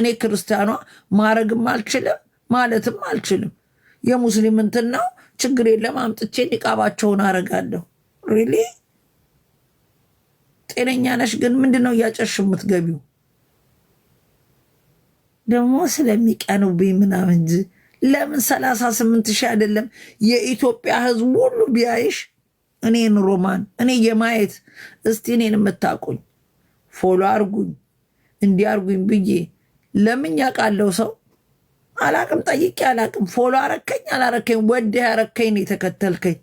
እኔ ክርስቲያኗ ማረግም አልችልም ማለትም አልችልም። የሙስሊም እንትን ነው ችግር የለም አምጥቼ ኒቃባቸውን አረጋለሁ። ሪሊ ጤነኛ ነሽ? ግን ምንድን ነው እያጨሽ የምትገቢው? ደግሞ ስለሚቀኑብኝ ምናምን እንጂ ለምን ሰላሳ ስምንት ሺህ አይደለም የኢትዮጵያ ህዝብ ሁሉ ቢያይሽ እኔን ሮማን እኔ የማየት እስቲ እኔን የምታቁኝ ፎሎ አርጉኝ እንዲ አርጉኝ ብዬ ለምን ያውቃለው ሰው አላቅም ጠይቄ አላቅም። ፎሎ አረከኝ አላረከኝ ወደ ያረከኝ ነው የተከተልከኝ።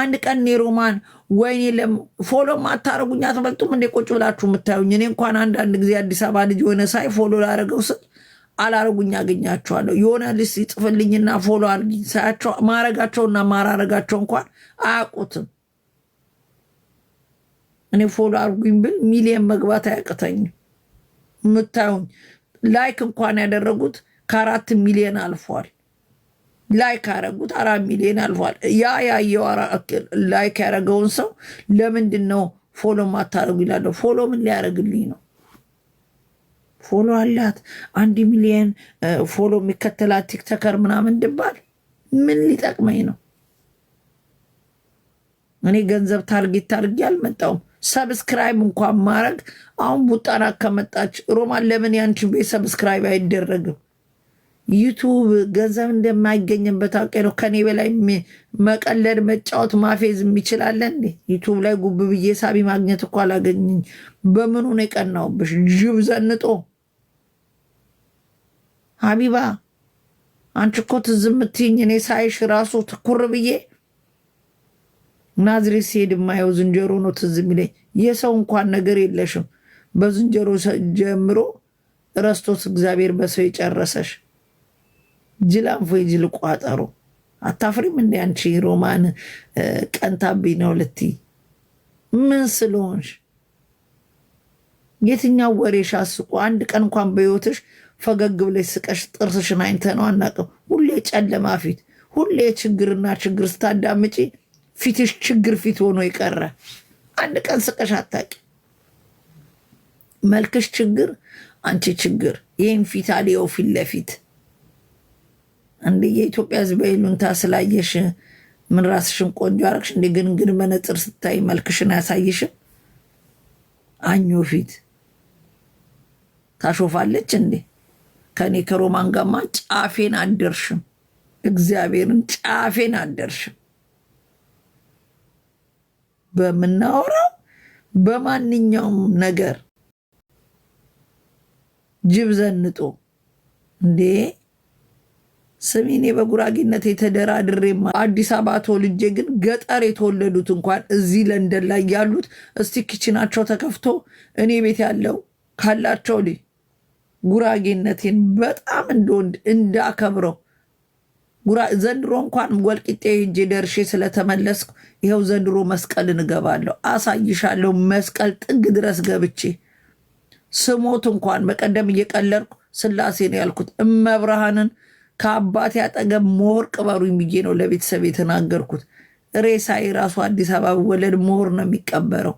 አንድ ቀን እኔ ሮማን ወይኔ ፎሎ ማታረጉኝ አትበልጡም እንዴ ቁጭ ብላችሁ የምታዩኝ? እኔ እንኳን አንዳንድ ጊዜ አዲስ አበባ ልጅ የሆነ ሳይ ፎሎ ላረገው ስል አላረጉኝ አገኛቸዋለሁ። የሆነ ልጅ ይጽፍልኝና ፎሎ አርጊኝ ሳያቸው ማረጋቸውና ማራረጋቸው እንኳን አያውቁትም። እኔ ፎሎ አርጉኝ ብል ሚሊየን መግባት አያቅተኝም። የምታዩኝ ላይክ እንኳን ያደረጉት ከአራት ሚሊዮን አልፏል። ላይክ ያደረጉት አራት ሚሊዮን አልፏል። ያ ያየው ላይክ ያደረገውን ሰው ለምንድን ነው ፎሎ ማታደረጉ ይላለ። ፎሎ ምን ሊያደረግልኝ ነው? ፎሎ አላት አንድ ሚሊዮን ፎሎ የሚከተላት ቲክተከር ምናምን ድባል ምን ሊጠቅመኝ ነው? እኔ ገንዘብ ታርጌት ታርጌ አልመጣውም። ሰብስክራይብ እንኳን ማድረግ አሁን ቡጣና ከመጣች ሮማን ለምን ያንቺ ቤት ሰብስክራይብ አይደረግም? ዩቱብ ገንዘብ እንደማይገኝበት አውቄ ነው። ከኔ በላይ መቀለድ፣ መጫወት፣ ማፌዝ የሚችላለ እንዴ? ዩቱብ ላይ ጉብ ብዬ ሳቢ ማግኘት እኮ አላገኘኝ። በምኑ ነው የቀናውብሽ? ጅብ ዘንጦ ሀቢባ አንቺ እኮ ትዝ የምትይኝ እኔ ሳይሽ ራሱ ትኩር ብዬ ናዝሬት ሲሄድ የማየው ዝንጀሮ ነው ትዝ የሚለኝ። የሰው እንኳን ነገር የለሽም በዝንጀሮ ጀምሮ ረስቶት እግዚአብሔር በሰው የጨረሰሽ ጅላንፎ ጅል ቋጠሮ አታፍሪም እንደ አንቺ ሮማን ቀንታቢ ነው ልቲ ምን ስለሆንሽ የትኛው ወሬሽ አስቆ አንድ ቀን እንኳን በህይወትሽ ፈገግ ብለሽ ስቀሽ ጥርስሽን አይንተ ነው አናውቅም። ሁሌ ጨለማ ፊት፣ ሁሌ ችግርና ችግር ስታዳምጪ ፊትሽ ችግር ፊት ሆኖ የቀረ አንድ ቀን ስቀሽ አታቂ። መልክሽ ችግር፣ አንቺ ችግር። ይህም ፊት አልየው ፊት ለፊት እንደ የኢትዮጵያ ሕዝብ ይሉንታ ስላየሽ ምን ራስሽን ቆንጆ አረግሽ እንደ ግንግን መነጽር ስታይ መልክሽን አያሳይሽም። አኞ ፊት ታሾፋለች እንዴ? ከኔ ከሮማን ጋማ ጫፌን አደርሽም። እግዚአብሔርን ጫፌን አደርሽም። በምናወራው በማንኛውም ነገር ጅብ ዘንጦ እንዴ ስሚኔ በጉራጌነት የተደራድሬማ አዲስ አበባ ተወልጄ ግን ገጠር የተወለዱት እንኳን እዚህ ለንደን ላይ ያሉት እስቲ ኪችናቸው ተከፍቶ እኔ ቤት ያለው ካላቸው ጉራጌነቴን በጣም እንደወንድ እንዳከብረው ዘንድሮ እንኳን ወልቂጤ ሂጄ ደርሼ ስለተመለስኩ ይኸው ዘንድሮ መስቀል እንገባለሁ አሳይሻለሁ። መስቀል ጥግ ድረስ ገብቼ ስሞት እንኳን በቀደም ስላሴ ነው ያልኩት እመብርሃንን ከአባቴ አጠገብ ሞር ቅበሩ ብዬ ነው ለቤተሰብ የተናገርኩት። ሬሳይ ራሱ አዲስ አበባ ወለድ ሞር ነው የሚቀበረው።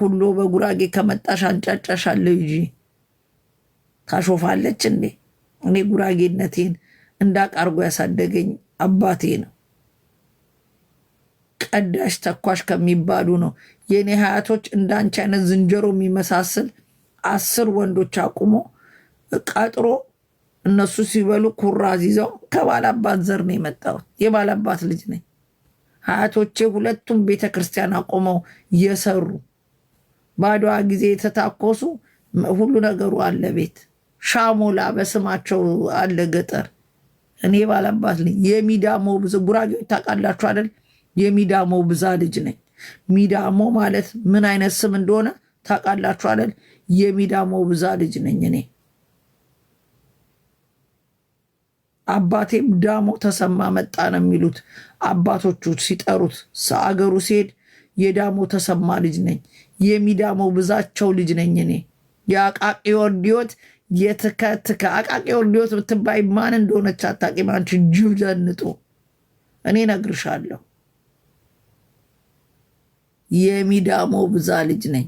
ኩሎ በጉራጌ ከመጣሽ አንጫጫሻለሁ ይዤ ታሾፋለች እንዴ? እኔ ጉራጌነቴን እንዳቃርጎ ያሳደገኝ አባቴ ነው። ቀዳሽ ተኳሽ ከሚባሉ ነው። የእኔ ሀያቶች እንዳንቺ አይነት ዝንጀሮ የሚመሳስል አስር ወንዶች አቁሞ ቀጥሮ እነሱ ሲበሉ ኩራዝ ይዘው ከባላባት ዘር ነው የመጣሁት። የባላባት ልጅ ነኝ። ሀያቶቼ ሁለቱም ቤተ ክርስቲያን አቁመው የሰሩ በአድዋ ጊዜ የተታኮሱ ሁሉ ነገሩ አለ። ቤት ሻሞላ በስማቸው አለ ገጠር እኔ ባላባት ነኝ። የሚዳሞ ብዛ ጉራጌዎች ታውቃላችሁ አይደል? የሚዳሞ ብዛ ልጅ ነኝ። ሚዳሞ ማለት ምን አይነት ስም እንደሆነ ታውቃላችሁ አይደል? የሚዳሞ ብዛ ልጅ ነኝ እኔ። አባቴም ዳሞ ተሰማ መጣ ነው የሚሉት አባቶቹ ሲጠሩት። አገሩ ሲሄድ የዳሞ ተሰማ ልጅ ነኝ። የሚዳሞ ብዛቸው ልጅ ነኝ እኔ የአቃቂ ወርድ የትከትከ አቃቂው ሊዮት ብትባይ ማን እንደሆነች አታውቂም። አንቺ ጅብ ዘንጦ እኔ ነግርሻለሁ። የሚዳሞ ብዛ ልጅ ነኝ።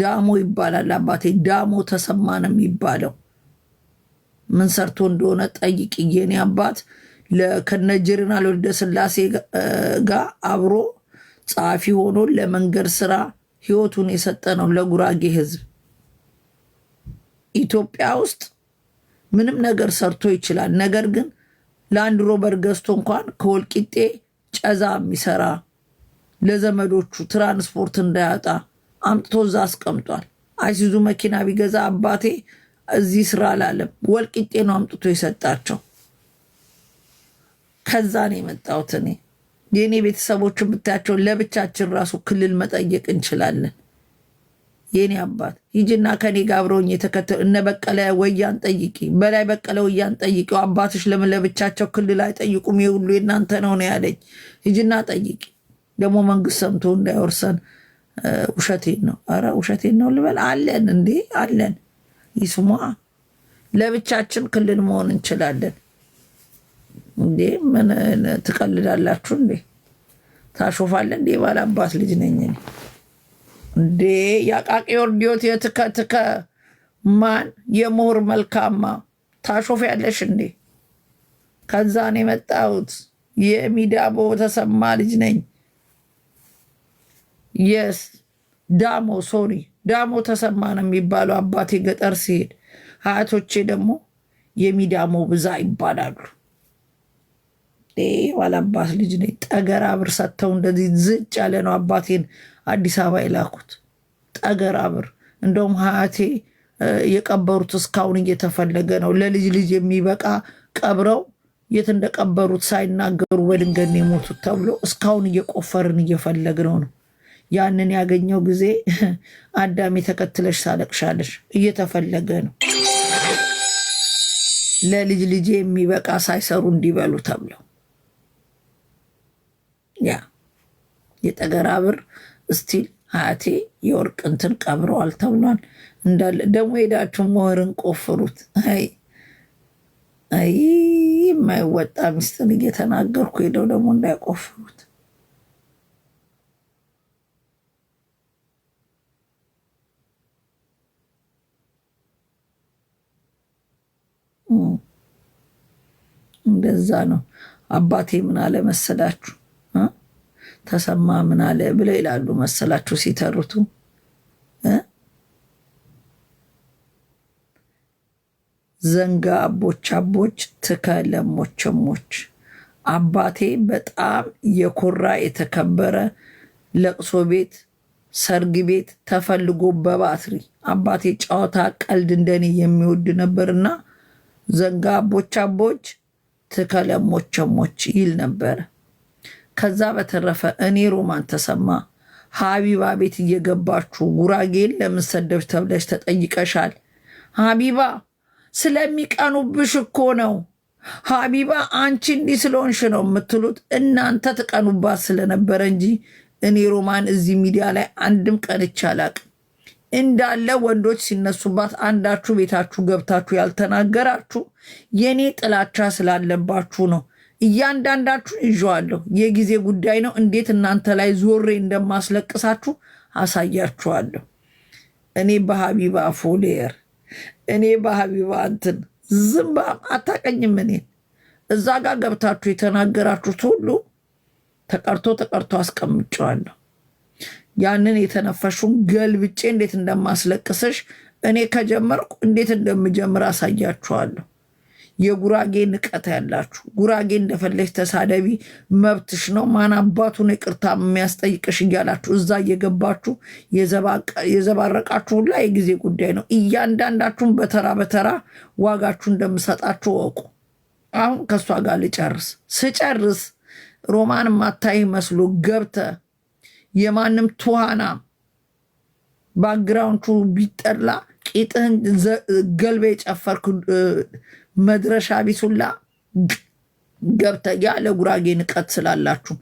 ዳሞ ይባላል አባቴ። ዳሞ ተሰማ ነው የሚባለው። ምን ሰርቶ እንደሆነ ጠይቅ። የኔ አባት ከነጀርና ለወልደ ስላሴ ጋር አብሮ ጸሐፊ ሆኖ ለመንገድ ስራ ህይወቱን የሰጠ ነው ለጉራጌ ህዝብ። ኢትዮጵያ ውስጥ ምንም ነገር ሰርቶ ይችላል። ነገር ግን ለአንድ ሮበር ገዝቶ እንኳን ከወልቂጤ ጨዛ የሚሰራ ለዘመዶቹ ትራንስፖርት እንዳያጣ አምጥቶ እዛ አስቀምጧል። አይሲዙ መኪና ቢገዛ አባቴ እዚህ ስራ አላለም፣ ወልቂጤ ነው አምጥቶ የሰጣቸው። ከዛ ነው የመጣሁት እኔ። የእኔ ቤተሰቦች ብታያቸውን ለብቻችን ራሱ ክልል መጠየቅ እንችላለን። የኔ አባት ሂጅና ከኔ ጋር አብረውኝ የተከተሉ እነ በቀለ ወያን ጠይቂ፣ በላይ በቀለ ወያን ጠይቂ አባቶች ለምን ለብቻቸው ክልል አይጠይቁም? የሁሉ የእናንተ ነው ነው ያለኝ። ሂጅና ጠይቂ። ደግሞ መንግስት ሰምቶ እንዳይወርሰን። ውሸቴን ነው፣ ኧረ ውሸቴን ነው ልበል? አለን እንዴ አለን። ይስሟ። ለብቻችን ክልል መሆን እንችላለን። እንዴ ትቀልዳላችሁ እንዴ? ታሾፋለ እንዴ? ባላባት ልጅ ነኝ እንዴ? የአቃቂ ወርዲዮት የትከትከ ማን የምሁር መልካማ ታሾፍ ያለሽ እንዴ? ከዛን የመጣሁት የሚዳቦ ተሰማ ልጅ ነኝ። የስ ዳሞ ሶሪ ዳሞ ተሰማ ነው የሚባለው አባቴ ገጠር ሲሄድ፣ አያቶቼ ደግሞ የሚዳሞ ብዛ ይባላሉ። የኋላ አባት ልጅ ነኝ። ጠገራ ብር ሰጥተው እንደዚህ ዝጭ ያለ ነው አባቴን አዲስ አበባ የላኩት ጠገራ ብር። እንደውም ሀያቴ የቀበሩት እስካሁን እየተፈለገ ነው። ለልጅ ልጅ የሚበቃ ቀብረው የት እንደቀበሩት ሳይናገሩ በድንገት የሞቱት ተብሎ እስካሁን እየቆፈርን እየፈለግ ነው። ያንን ያገኘው ጊዜ አዳሜ ተከትለሽ ሳለቅሻለሽ እየተፈለገ ነው። ለልጅ ልጅ የሚበቃ ሳይሰሩ እንዲበሉ ተብለው ያ የጠገራ ብር እስቲል ሀያቴ የወርቅ እንትን ቀብረዋል ተብሏል። እንዳለ ደግሞ ሄዳችሁ ሞህርን ቆፍሩት። አይ አይ የማይወጣ ሚስጥር እየተናገርኩ ሄደው ደግሞ እንዳይቆፍሩት እንደዛ ነው። አባቴ ምን አለ መሰላችሁ ተሰማ ምን አለ ብለው ይላሉ መሰላችሁ ሲተርቱ ዘንጋ አቦች አቦች ትከ ለሞቸሞች አባቴ በጣም የኮራ የተከበረ ለቅሶ ቤት ሰርግ ቤት ተፈልጎ በባትሪ አባቴ ጨዋታ ቀልድ እንደኔ የሚወድ ነበርና ዘንጋ አቦች አቦች ትከ ለሞቸሞች ይል ነበረ። ከዛ በተረፈ እኔ ሮማን ተሰማ ሀቢባ ቤት እየገባችሁ ጉራጌን ለምን ሰደብሽ ተብለሽ ተጠይቀሻል። ሀቢባ ስለሚቀኑብሽ እኮ ነው። ሀቢባ አንቺ እንዲህ ስለሆንሽ ነው የምትሉት እናንተ ትቀኑባት ስለነበረ እንጂ እኔ ሮማን እዚህ ሚዲያ ላይ አንድም ቀንቼ አላቅም። እንዳለ ወንዶች ሲነሱባት አንዳችሁ ቤታችሁ ገብታችሁ ያልተናገራችሁ የኔ ጥላቻ ስላለባችሁ ነው። እያንዳንዳችሁን ይዤዋለሁ። የጊዜ ጉዳይ ነው። እንዴት እናንተ ላይ ዞሬ እንደማስለቅሳችሁ አሳያችኋለሁ። እኔ በሀቢባ ፎሌር እኔ በሀቢባ እንትን ዝምባ አታቀኝም። እኔን እዛ ጋር ገብታችሁ የተናገራችሁት ሁሉ ተቀርቶ ተቀርቶ አስቀምጨዋለሁ። ያንን የተነፈሹን ገልብጬ እንዴት እንደማስለቅስሽ እኔ ከጀመርኩ እንዴት እንደምጀምር አሳያችኋለሁ። የጉራጌ ንቀት ያላችሁ ጉራጌ እንደፈለሽ ተሳደቢ መብትሽ ነው፣ ማን አባቱን ይቅርታ የሚያስጠይቅሽ እያላችሁ እዛ እየገባችሁ የዘባረቃችሁ ሁላ የጊዜ ጉዳይ ነው። እያንዳንዳችሁን በተራ በተራ ዋጋችሁ እንደምሰጣችሁ እወቁ። አሁን ከእሷ ጋር ልጨርስ። ስጨርስ ሮማን ማታይ መስሎ ገብተ የማንም ትኋና ባግራውንቹ ቢጠላ ቂጥህን ገልበ የጨፈርክ መድረሻ ቢሱላ ያለ ጉራጌ ንቀት ስላላችሁ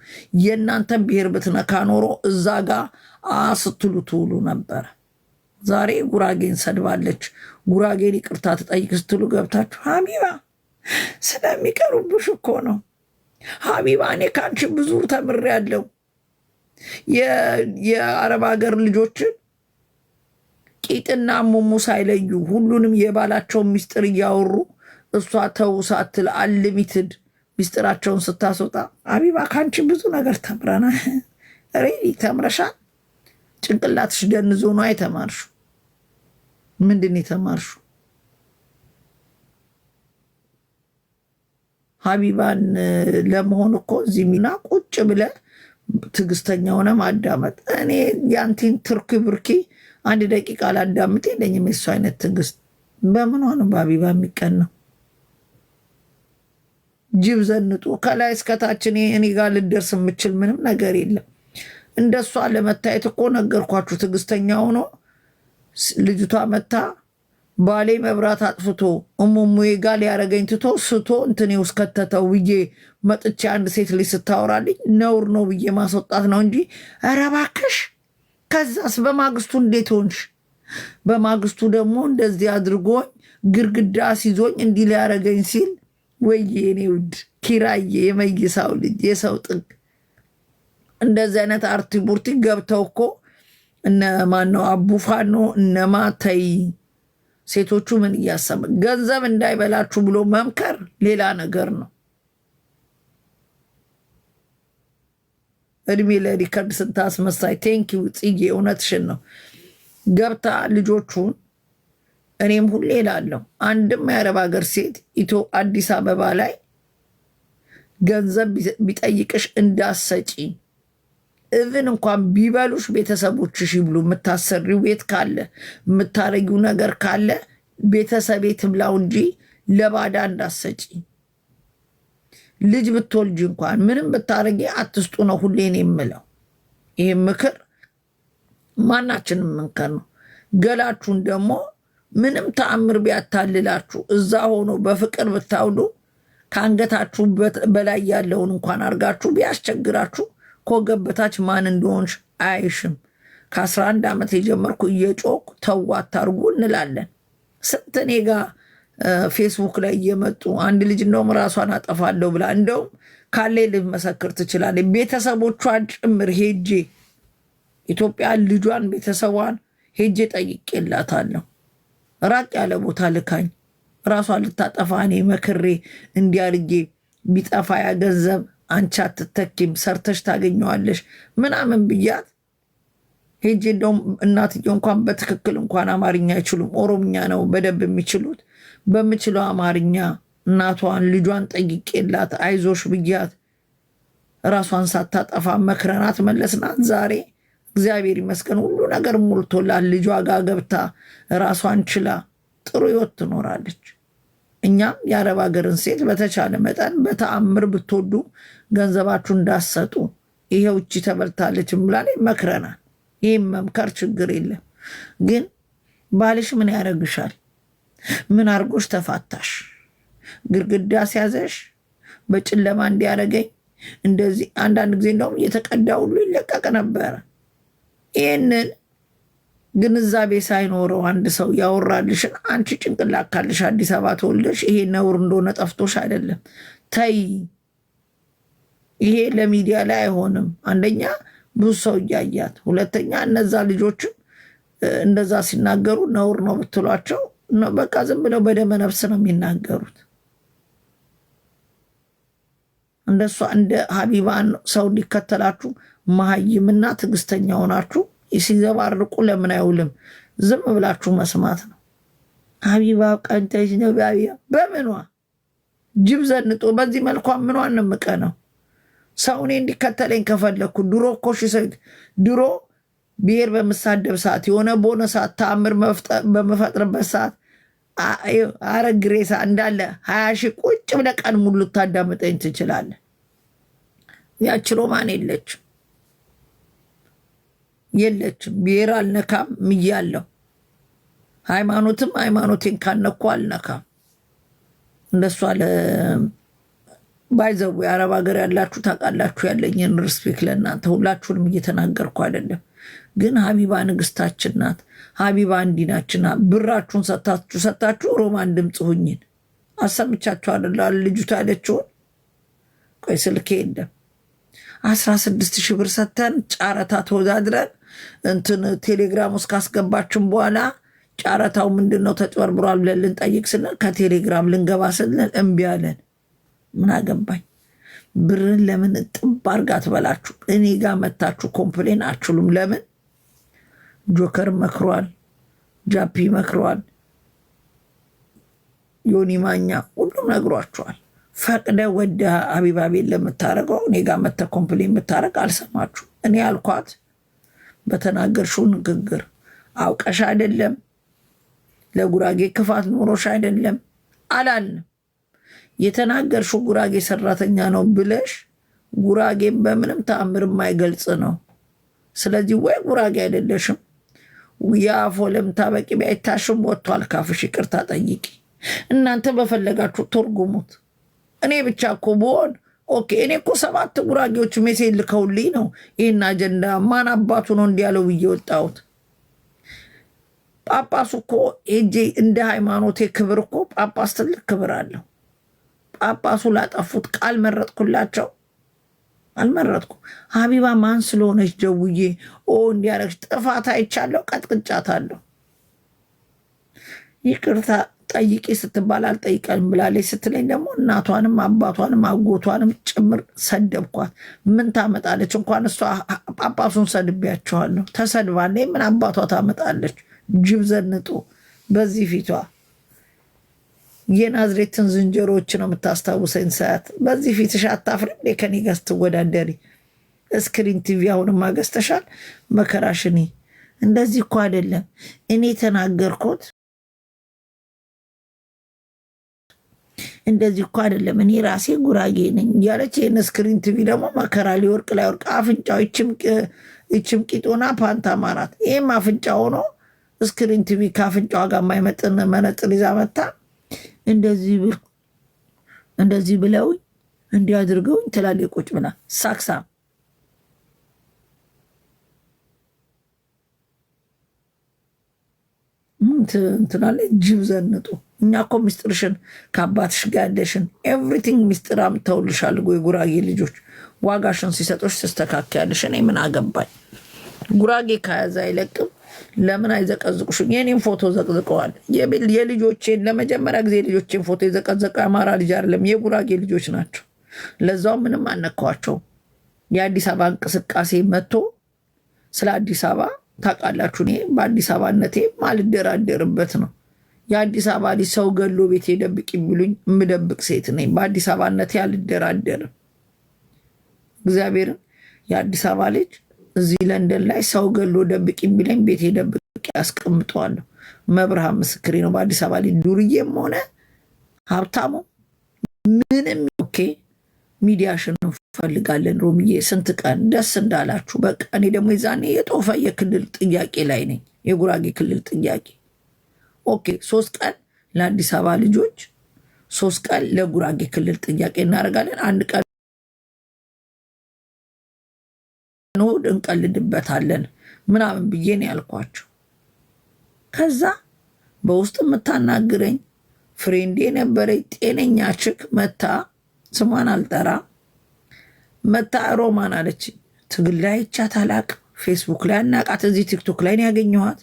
የእናንተን ብሔር ብትነካ ኖሮ እዛ ጋ አስትሉ ትውሉ ነበረ። ዛሬ ጉራጌን ሰድባለች፣ ጉራጌን ይቅርታ ትጠይቅ ስትሉ ገብታችሁ ሀቢባ ስለሚቀሩብሽ እኮ ነው። ሀቢባ እኔ ካንቺ ብዙ ተምሬያለሁ። የአረብ ሀገር ልጆችን ቂጥና ሙሙ ሳይለዩ ሁሉንም የባላቸውን ምስጢር እያወሩ እሷ ተው ሳትል አልሚትድ ሚስጥራቸውን ስታስወጣ አቢባ ከአንቺ ብዙ ነገር ተምረና ሬዲ ተምረሻል። ጭንቅላትሽ ደንዞ ነው የተማርሹ። ምንድን የተማርሹ? ሀቢባን ለመሆን እኮ እዚህ ሚና ቁጭ ብለ ትዕግስተኛ ሆነ ማዳመጥ። እኔ ያንቲን ትርኪ ብርኪ አንድ ደቂቃ ላዳምጥ የለኝም። የሱ አይነት ትዕግስት በምኗንም በሀቢባ የሚቀን ነው። ጅብ ዘንጡ ከላይ እስከታች እኔ ጋር ልደርስ የምችል ምንም ነገር የለም። እንደሷ ለመታየት እኮ ነገርኳችሁ። ትዕግስተኛ ሆኖ ልጅቷ መታ ባሌ መብራት አጥፍቶ እሙሙዬ ጋር ሊያረገኝ ትቶ ስቶ እንትኔ ውስጥ ከተተው ብዬ መጥቼ አንድ ሴት ልጅ ስታወራልኝ ነውር ነው ብዬ ማስወጣት ነው እንጂ ኧረ እባክሽ። ከዛስ በማግስቱ እንዴት ሆንሽ? በማግስቱ ደግሞ እንደዚህ አድርጎኝ ግርግዳ ሲዞኝ እንዲህ ሊያረገኝ ሲል ወይዬ እኔ ውድ ኪራዬ የመይሳው ልጅ የሰው ጥግ እንደዚህ አይነት አርቲ ቡርቲ ገብተው እኮ እነ ማነው አቡፋኖ እነ ማተይ ሴቶቹ ምን እያሰመ ገንዘብ እንዳይበላችሁ ብሎ መምከር ሌላ ነገር ነው። እድሜ ለሪከርድ ስታስመሳይ ቴንኪው ጽጌ፣ እውነትሽን ነው ገብታ ልጆቹን እኔም ሁሌ እላለሁ አንድም የአረብ ሀገር ሴት ኢትዮ አዲስ አበባ ላይ ገንዘብ ቢጠይቅሽ እንዳሰጪ እብን እንኳን ቢበሉሽ ቤተሰቦችሽ ይብሉ። የምታሰሪው ቤት ካለ የምታረጊው ነገር ካለ ቤተሰቤ ትብላው እንጂ ለባዳ እንዳሰጪ። ልጅ ብትወልጅ እንኳን ምንም ብታረጊ አትስጡ ነው ሁሌን የምለው። ይህ ምክር ማናችንም ምንከር ነው። ገላችሁን ደግሞ ምንም ተአምር ቢያታልላችሁ እዛ ሆኖ በፍቅር ብታውሉ ከአንገታችሁ በላይ ያለውን እንኳን አድርጋችሁ ቢያስቸግራችሁ ከወገብታች ማን እንደሆንሽ አይሽም። ከ ከ11 ዓመት የጀመርኩ እየጮኩ ተው አታርጉ እንላለን። ስንት እኔ ጋ ፌስቡክ ላይ እየመጡ አንድ ልጅ እንደውም ራሷን አጠፋለሁ ብላ እንደውም ካሌ ልመሰክር ትችላለ። ቤተሰቦቿን ጭምር ሄጄ ኢትዮጵያ ልጇን ቤተሰቧን ሄጄ ጠይቄላታለሁ። ራቅ ያለ ቦታ ልካኝ ራሷ ልታጠፋ እኔ መክሬ እንዲያርጌ ቢጠፋ ያ ገንዘብ አንቺ አትተኪም ሰርተሽ ታገኘዋለሽ ምናምን ብያት ሄጄ እንደውም እናትዬ እንኳን በትክክል እንኳን አማርኛ አይችሉም፣ ኦሮምኛ ነው በደንብ የሚችሉት። በምችለው አማርኛ እናቷን ልጇን ጠይቄላት አይዞሽ ብያት ራሷን ሳታጠፋ መክረናት መለስናት ዛሬ እግዚአብሔር ይመስገን ሁሉ ነገር ሞልቶላል። ልጇ ጋ ገብታ ራሷን ችላ ጥሩ ህይወት ትኖራለች። እኛም የአረብ ሀገርን ሴት በተቻለ መጠን በተአምር ብትወዱ ገንዘባችሁ እንዳሰጡ ይሄ ውጭ ተበልታለች ብላ መክረናል። ይህም መምከር ችግር የለም ግን ባልሽ ምን ያደረግሻል? ምን አርጎሽ ተፋታሽ? ግድግዳ ሲያዘሽ በጨለማ እንዲያደረገኝ እንደዚህ አንዳንድ ጊዜ እንደውም እየተቀዳ ሁሉ ይለቀቅ ነበረ። ይህንን ግንዛቤ ሳይኖረው አንድ ሰው ያወራልሽ አንቺ ጭንቅላት ካለሽ አዲስ አበባ ተወልደሽ ይሄ ነውር እንደሆነ ጠፍቶሽ አይደለም። ተይ፣ ይሄ ለሚዲያ ላይ አይሆንም። አንደኛ ብዙ ሰው እያያት፣ ሁለተኛ እነዛ ልጆችም እንደዛ ሲናገሩ ነውር ነው ብትሏቸው በቃ ዝም ብለው በደመ ነፍስ ነው የሚናገሩት። እንደሷ እንደ ሀቢባን ሰው እንዲከተላችሁ መሀይምና ትዕግስተኛ ሆናችሁ ሲዘባርቁ ለምን አይውልም? ዝም ብላችሁ መስማት ነው። ሀቢባ ቀንተሽ ነው ቢያ በምኗ ጅብ ዘንጦ በዚህ መልኳ ምኗ ንምቀ ነው ሰው እኔ እንዲከተለኝ ከፈለግኩ ድሮ ኮሽ ድሮ ብሔር በምሳደብ ሰዓት የሆነ በሆነ ሰዓት ተአምር በምፈጥርበት ሰዓት አረግሬሳ እንዳለ ሀያ ሺ ቁጭ ብለህ ቀን ሙሉ ልታዳምጠኝ ትችላለህ። ማን የለችም። የለችም። ብሔር አልነካም ምያለሁ። ሃይማኖትም ሃይማኖቴን ካነኩ አልነካም። እንደሷ አለ ባይዘው የአረብ ሀገር ያላችሁ ታውቃላችሁ ያለኝን ሪስፔክት ለእናንተ ሁላችሁንም እየተናገርኩ አይደለም። ግን ሀቢባ ንግስታችን ናት። ሀቢባ እንዲናችና ብራችሁን ሰታችሁ ሰታችሁ ሮማን ድምፅ ሁኝን አሰምቻችሁ አደላል ልጁት ያለችውን ቆይ ስልኬ የለም አስራ ስድስት ሺህ ብር ሰተን ጨረታ ተወዳድረን እንትን ቴሌግራም ውስጥ ካስገባችን በኋላ ጨረታው ምንድን ነው ተጭበርብሯል ብለን ልንጠይቅ ስንል ከቴሌግራም ልንገባ ስንል እምቢ አለን። ምን አገባኝ። ብርን ለምን ጥብ አርጋ ትበላችሁ? እኔ ጋር መታችሁ ኮምፕሌን አችሉም። ለምን ጆከር መክሯል፣ ጃፒ መክሯል፣ ዮኒ ማኛ ሁሉም ነግሯችኋል። ፈቅደ ወደ አቢባቤን ቤት ለምታደርገው እኔ ጋር መተ ኮምፕሌን የምታደርግ አልሰማችሁ። እኔ አልኳት በተናገርሽው ንግግር አውቀሽ አይደለም፣ ለጉራጌ ክፋት ኖሮሽ አይደለም አላልንም። የተናገርሽው ጉራጌ ሰራተኛ ነው ብለሽ ጉራጌን በምንም ተአምር የማይገልጽ ነው። ስለዚህ ወይ ጉራጌ አይደለሽም፣ የአፎ ለምታ በቂ ቢያይታሽም ወጥቷል ካፍሽ። ይቅርታ ጠይቂ። እናንተ በፈለጋችሁ ትርጉሙት። እኔ ብቻ እኮ ብሆን ኦኬ እኔ እኮ ሰባት ጉራጌዎች ሜሴ ልከውልኝ ነው ይህን አጀንዳ ማን አባቱ ነው እንዲያለው ብዬ ወጣሁት። ጳጳሱ እኮ ጄ እንደ ሃይማኖቴ ክብር እኮ ጳጳስ ትልቅ ክብር አለው። ጳጳሱ ላጠፉት ቃል መረጥኩላቸው አልመረጥኩ። ሀቢባ ማን ስለሆነች ደውዬ ኦ እንዲያረግሽ ጥፋት አይቻለሁ፣ ቀጥቅጫታለሁ፣ ይቅርታ ጠይቂ ስትባል አልጠይቀንም ብላለች ስትለኝ ደግሞ እናቷንም አባቷንም አጎቷንም ጭምር ሰደብኳት። ምን ታመጣለች? እንኳን እሷ ጳጳሱን ሰድቤያቸዋለሁ። ተሰድባኔ ምን አባቷ ታመጣለች? ጅብ ዘንጦ በዚህ ፊቷ የናዝሬትን ዝንጀሮዎች ነው የምታስታውሰኝ ሰዓት። በዚህ ፊትሽ አታፍሪም? ከኔ ጋር ስትወዳደሪ ስክሪን ቲቪ አሁንማ ገዝተሻል። መከራሽኒ። እንደዚህ እኮ አይደለም እኔ የተናገርኩት እንደዚህ እኮ አይደለም እኔ ራሴ ጉራጌ ነኝ እያለች ይህን ስክሪን ቲቪ ደግሞ መከራ ሊወርቅ ላይወርቅ አፍንጫው ይችም ቂጦና ፓንታማ ናት። ይህም አፍንጫ ሆኖ ስክሪን ቲቪ ከአፍንጫዋ ጋር የማይመጥን መነጥር ይዛ መታ እንደዚህ ብለውኝ እንዲህ አድርገውኝ ትላለች ቁጭ ብላ ሳክሳ ትናለ ጅብ ዘንጡ እኛ እኮ ምስጢርሽን ከአባትሽ ጋር ያለሽን ኤቭሪቲንግ ምስጢር አምጥተውልሻል እኮ የጉራጌ ልጆች ዋጋሽን ሲሰጦች ትስተካከያለሽ። እኔ ምን አገባኝ? ጉራጌ ከያዘ አይለቅም። ለምን አይዘቀዝቁሽም? የኔም ፎቶ ዘቅዝቀዋል። የልጆቼን ለመጀመሪያ ጊዜ የልጆቼን ፎቶ የዘቀዘቀ አማራ ልጅ አይደለም፣ የጉራጌ ልጆች ናቸው። ለዛው ምንም አነካዋቸውም። የአዲስ አበባ እንቅስቃሴ መጥቶ ስለ አዲስ አበባ ታውቃላችሁ፣ እኔ በአዲስ አበባነቴ ማልደራደርበት ነው። የአዲስ አበባ ልጅ ሰው ገሎ ቤት የደብቅ የሚሉኝ የምደብቅ ሴት ነኝ። በአዲስ አበባነቴ አልደራደርም። እግዚአብሔርን የአዲስ አበባ ልጅ እዚህ ለንደን ላይ ሰው ገሎ ደብቅ የሚለኝ ቤት የደብቅ ያስቀምጠዋለሁ። መብርሃን ምስክሬ ነው። በአዲስ አበባ ልጅ ዱርዬም ሆነ ሀብታሙ ምንም ኦኬ። ሚዲያሽን እንፈልጋለን ሮምዬ፣ ስንት ቀን ደስ እንዳላችሁ። በቃ እኔ ደግሞ የዛኔ የጦፈ የክልል ጥያቄ ላይ ነኝ፣ የጉራጌ ክልል ጥያቄ ኦኬ፣ ሶስት ቀን ለአዲስ አበባ ልጆች፣ ሶስት ቀን ለጉራጌ ክልል ጥያቄ እናደርጋለን። አንድ ቀን እሑድ እንቀልድበታለን ምናምን ብዬ ነው ያልኳቸው። ከዛ በውስጥ የምታናግረኝ ፍሬንዴ የነበረኝ ጤነኛ ችክ መታ ስሟን አልጠራ መታ ሮማን አለች። ትግል ላይ አይቻት አላቅም። ፌስቡክ ላይ አናቃት። እዚህ ቲክቶክ ላይ ነው ያገኘኋት።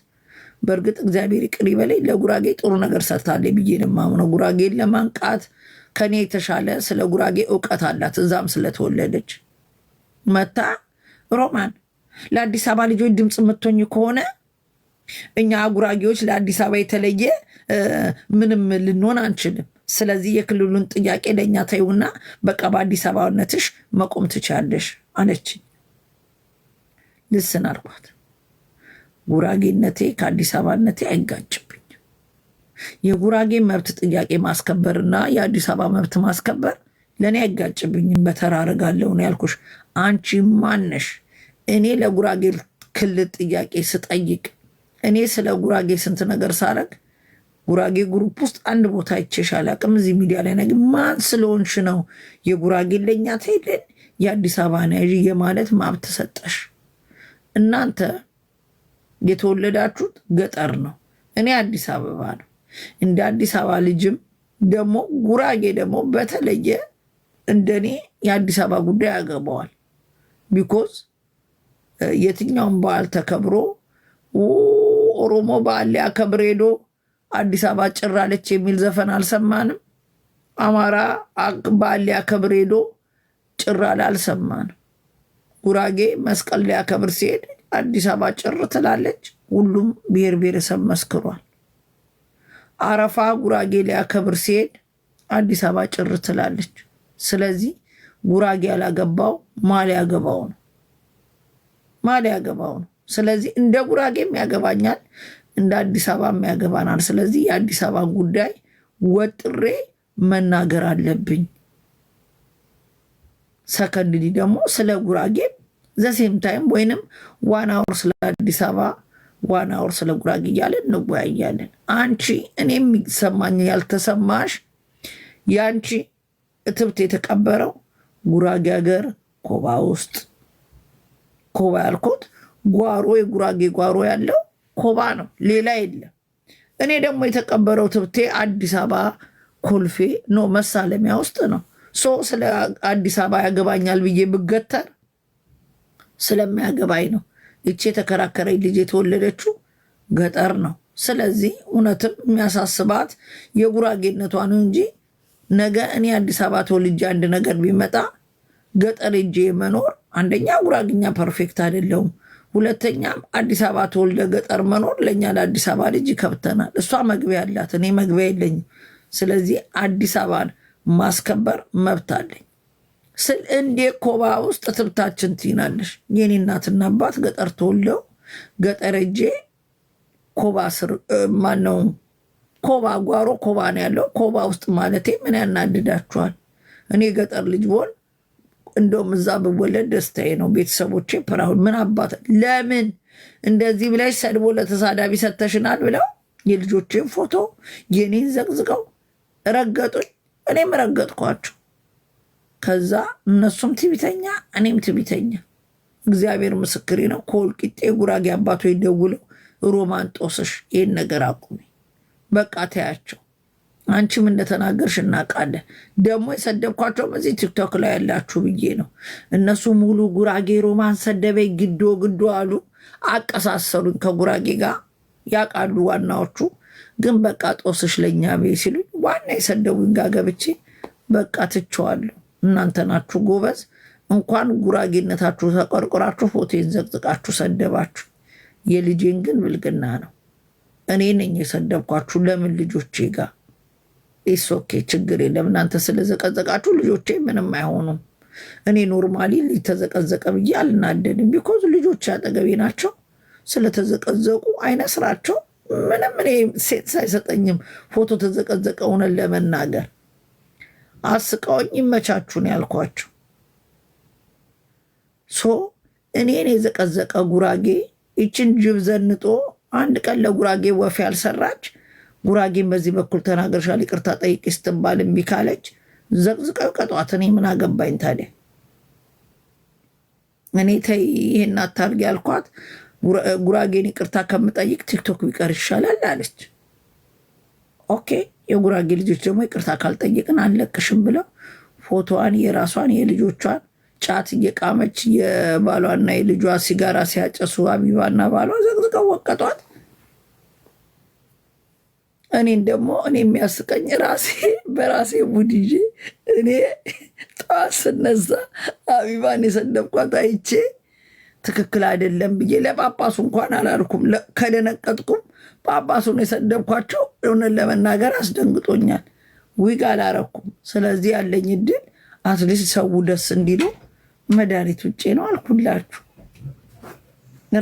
በእርግጥ እግዚአብሔር ይቅር ይበለኝ ለጉራጌ ጥሩ ነገር ሰርታለች ብዬ ነው የማምነው። ጉራጌን ለማንቃት ከኔ የተሻለ ስለ ጉራጌ እውቀት አላት። እዛም ስለተወለደች መታ ሮማን ለአዲስ አበባ ልጆች ድምፅ የምትሆኝ ከሆነ እኛ ጉራጌዎች ለአዲስ አበባ የተለየ ምንም ልንሆን አንችልም። ስለዚህ የክልሉን ጥያቄ ለእኛ ተይውና በቃ በአዲስ አበባነትሽ መቆም ትችያለሽ አለችኝ። ልስን አልኳት። ጉራጌነቴ ከአዲስ አበባነቴ አይጋጭብኝም። የጉራጌ መብት ጥያቄ ማስከበርና የአዲስ አበባ መብት ማስከበር ለእኔ አይጋጭብኝም። በተራረጋለሁ ነው ያልኩሽ። አንቺ ማነሽ? እኔ ለጉራጌ ክልል ጥያቄ ስጠይቅ እኔ ስለ ጉራጌ ስንት ነገር ሳረግ ጉራጌ ግሩፕ ውስጥ አንድ ቦታ አይቼሽ አላቅም። እዚህ ሚዲያ ላይ ነግ ማን ስለሆንሽ ነው የጉራጌ ለኛ ተይልን የአዲስ አበባ ነዥ የማለት ማብት ሰጠሽ እናንተ የተወለዳችሁት ገጠር ነው። እኔ አዲስ አበባ ነው። እንደ አዲስ አበባ ልጅም ደግሞ ጉራጌ ደግሞ በተለየ እንደኔ የአዲስ አበባ ጉዳይ ያገባዋል። ቢኮዝ የትኛውም በዓል ተከብሮ ኦሮሞ በዓል ሊያከብር ሄዶ አዲስ አበባ ጭራለች የሚል ዘፈን አልሰማንም። አማራ በዓል ሊያከብር ሄዶ ጭራል አልሰማንም። ጉራጌ መስቀል ሊያከብር ሲሄድ አዲስ አበባ ጭር ትላለች። ሁሉም ብሔር ብሔረሰብ መስክሯል። አረፋ ጉራጌ ሊያከብር ሲሄድ አዲስ አበባ ጭር ትላለች። ስለዚህ ጉራጌ ያላገባው ማል ያገባው ነው፣ ማል ያገባው ነው። ስለዚህ እንደ ጉራጌም ያገባኛል፣ እንደ አዲስ አበባም ያገባናል። ስለዚህ የአዲስ አበባ ጉዳይ ወጥሬ መናገር አለብኝ። ሰከንድሊ ደግሞ ስለ ጉራጌም ዘሴም ታይም ወይንም ዋን አወር ስለ አዲስ አበባ ዋን አወር ስለ ጉራጌ እያለን እንወያያለን። አንቺ እኔ የሚሰማኝ ያልተሰማሽ የአንቺ እትብት የተቀበረው ጉራጌ ሀገር ኮባ ውስጥ ኮባ ያልኩት ጓሮ የጉራጌ ጓሮ ያለው ኮባ ነው፣ ሌላ የለም። እኔ ደግሞ የተቀበረው ትብቴ አዲስ አበባ ኮልፌ ኖ መሳለሚያ ውስጥ ነው። ሶ ስለ አዲስ አበባ ያገባኛል ብዬ ብገተር ስለሚያገባኝ ነው። ይቺ የተከራከረኝ ልጅ የተወለደችው ገጠር ነው። ስለዚህ እውነትም የሚያሳስባት የጉራጌነቷ ነው እንጂ ነገ እኔ አዲስ አበባ ተወልጄ አንድ ነገር ቢመጣ ገጠር ሄጄ መኖር አንደኛ ጉራግኛ ፐርፌክት አይደለውም። ሁለተኛም አዲስ አበባ ተወልደ ገጠር መኖር ለእኛ ለአዲስ አበባ ልጅ ከብተናል። እሷ መግቢያ አላት፣ እኔ መግቢያ የለኝም። ስለዚህ አዲስ አበባን ማስከበር መብት አለኝ። ስል እንዴ ኮባ ውስጥ ትብታችን ትይናለሽ። የኔ እናትና አባት ገጠር ተወልደው ገጠር እጄ ኮባ ስር ማነው ኮባ ጓሮ ኮባ ነው ያለው። ኮባ ውስጥ ማለቴ ምን ያናድዳችኋል? እኔ ገጠር ልጅ ብሆን እንደውም እዛ ብወለድ ደስታዬ ነው። ቤተሰቦቼ ፕራሁን ምን አባት ለምን እንደዚህ ብላይ ሰድቦ ለተሳዳቢ ሰተሽናል ብለው የልጆቼን ፎቶ የኔን ዘቅዝቀው ረገጡኝ፣ እኔም ረገጥኳቸው። ከዛ እነሱም ትቢተኛ እኔም ትቢተኛ እግዚአብሔር ምስክሬ ነው። ከወልቂጤ ጉራጌ አባቶ ደውለው ሮማን ጦስሽ ይህን ነገር አቁሚ፣ በቃ ተያቸው። አንቺም እንደተናገርሽ እናውቃለን። ደግሞ የሰደብኳቸውም እዚህ ቲክቶክ ላይ ያላችሁ ብዬ ነው። እነሱ ሙሉ ጉራጌ ሮማን ሰደበ ግዶ ግዶ አሉ፣ አቀሳሰሉኝ ከጉራጌ ጋር ያውቃሉ ዋናዎቹ። ግን በቃ ጦስሽ ለእኛ ቤ ሲሉኝ ዋና የሰደቡኝ ጋር ገብቼ በቃ ትቸዋለሁ። እናንተ ናችሁ ጎበዝ። እንኳን ጉራጌነታችሁ ተቆርቁራችሁ ፎቴን ዘቅዝቃችሁ ሰደባችሁ። የልጄን ግን ብልግና ነው። እኔ ነኝ የሰደብኳችሁ። ለምን ልጆቼ ጋር ኢሶኬ ችግር የለም። እናንተ ስለዘቀዘቃችሁ ልጆቼ ምንም አይሆኑም። እኔ ኖርማሊ ተዘቀዘቀ ብዬ አልናደድም። ቢኮዝ ልጆች አጠገቤ ናቸው። ስለተዘቀዘቁ አይነ ስራቸው ምንም እኔ ሴንስ አይሰጠኝም። ፎቶ ተዘቀዘቀ እውነት ለመናገር አስቀውኝ ይመቻቹን ያልኳቸው ሶ እኔን የዘቀዘቀ ጉራጌ ይችን ጅብ ዘንጦ አንድ ቀን ለጉራጌ ወፍ ያልሰራች ጉራጌን በዚህ በኩል ተናገርሻል ይቅርታ ጠይቅ ስትባል እምቢ ካለች ዘቅዝቀው ቀጧት። እኔ ምን አገባኝ ታዲያ? እኔ ተይ ይሄን አታርጊ ያልኳት ጉራጌን ይቅርታ ከምጠይቅ ቲክቶክ ቢቀር ይሻላል አለች። ኦኬ። የጉራጌ ልጆች ደግሞ ይቅርታ ካልጠየቅን አንለቅሽም ብለው ፎቶዋን የራሷን የልጆቿን ጫት እየቃመች የባሏና የልጇ ሲጋራ ሲያጨሱ አቢባና ባሏ ዘቅዝቀው ወቀጧት። እኔን ደግሞ እኔ የሚያስቀኝ ራሴ በራሴ ሙድ እ እኔ ጠዋት ስነሳ አቢባን የሰደብኳት አይቼ ትክክል አይደለም ብዬ ለጳጳሱ እንኳን አላልኩም። ከደነቀጥኩም ጳጳሱን የሰደብኳቸው እውነት ለመናገር አስደንግጦኛል። ዊግ አላረኩም። ስለዚህ ያለኝ እድል አትሊስት ሰው ደስ እንዲሉ መድኃኒት ውጭ ነው አልኩላችሁ።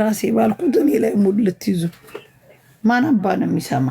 ራሴ ባልኩት እኔ ላይ ሙድ ልትይዙ ማን አባ ነው የሚሰማ?